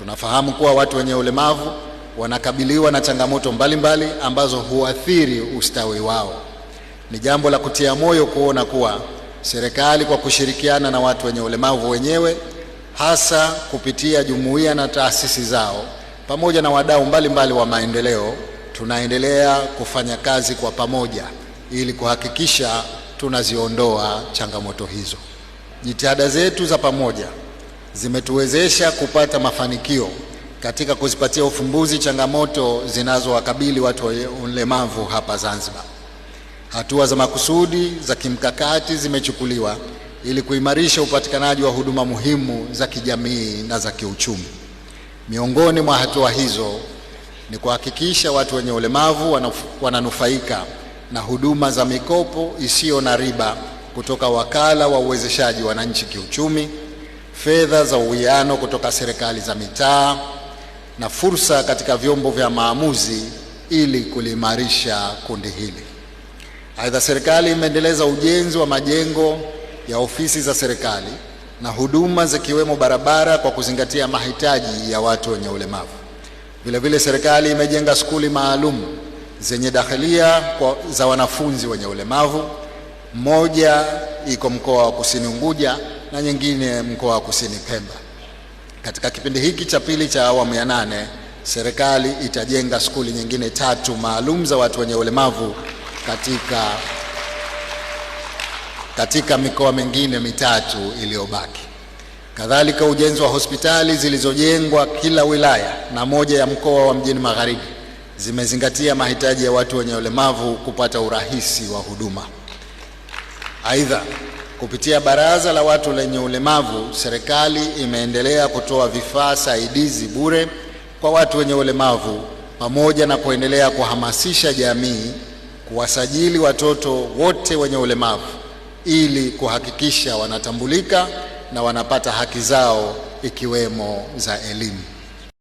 Tunafahamu kuwa watu wenye ulemavu wanakabiliwa na changamoto mbalimbali mbali ambazo huathiri ustawi wao. Ni jambo la kutia moyo kuona kuwa serikali kwa kushirikiana na watu wenye ulemavu wenyewe, hasa kupitia jumuiya na taasisi zao pamoja na wadau mbalimbali wa maendeleo, tunaendelea kufanya kazi kwa pamoja ili kuhakikisha tunaziondoa changamoto hizo. Jitihada zetu za pamoja zimetuwezesha kupata mafanikio katika kuzipatia ufumbuzi changamoto zinazowakabili watu wa ulemavu hapa Zanzibar. Hatua za makusudi za kimkakati zimechukuliwa ili kuimarisha upatikanaji wa huduma muhimu za kijamii na za kiuchumi. Miongoni mwa hatua hizo ni kuhakikisha watu wenye ulemavu wananufaika na huduma za mikopo isiyo na riba kutoka Wakala wa Uwezeshaji Wananchi Kiuchumi fedha za uwiano kutoka serikali za mitaa na fursa katika vyombo vya maamuzi ili kuliimarisha kundi hili. Aidha, serikali imeendeleza ujenzi wa majengo ya ofisi za serikali na huduma zikiwemo barabara kwa kuzingatia mahitaji ya watu wenye ulemavu. Vilevile, serikali imejenga skuli maalum zenye dakhilia kwa, za wanafunzi wenye ulemavu. Moja iko mkoa wa Kusini Unguja na nyingine mkoa wa Kusini Pemba. Katika kipindi hiki cha pili cha awamu ya nane, serikali itajenga skuli nyingine tatu maalum za watu wenye ulemavu katika, katika mikoa mingine mitatu iliyobaki. Kadhalika, ujenzi wa hospitali zilizojengwa kila wilaya na moja ya mkoa wa Mjini Magharibi zimezingatia mahitaji ya watu wenye ulemavu kupata urahisi wa huduma. Aidha, Kupitia Baraza la Watu lenye Ulemavu, serikali imeendelea kutoa vifaa saidizi bure kwa watu wenye ulemavu pamoja na kuendelea kuhamasisha jamii kuwasajili watoto wote wenye ulemavu ili kuhakikisha wanatambulika na wanapata haki zao ikiwemo za elimu.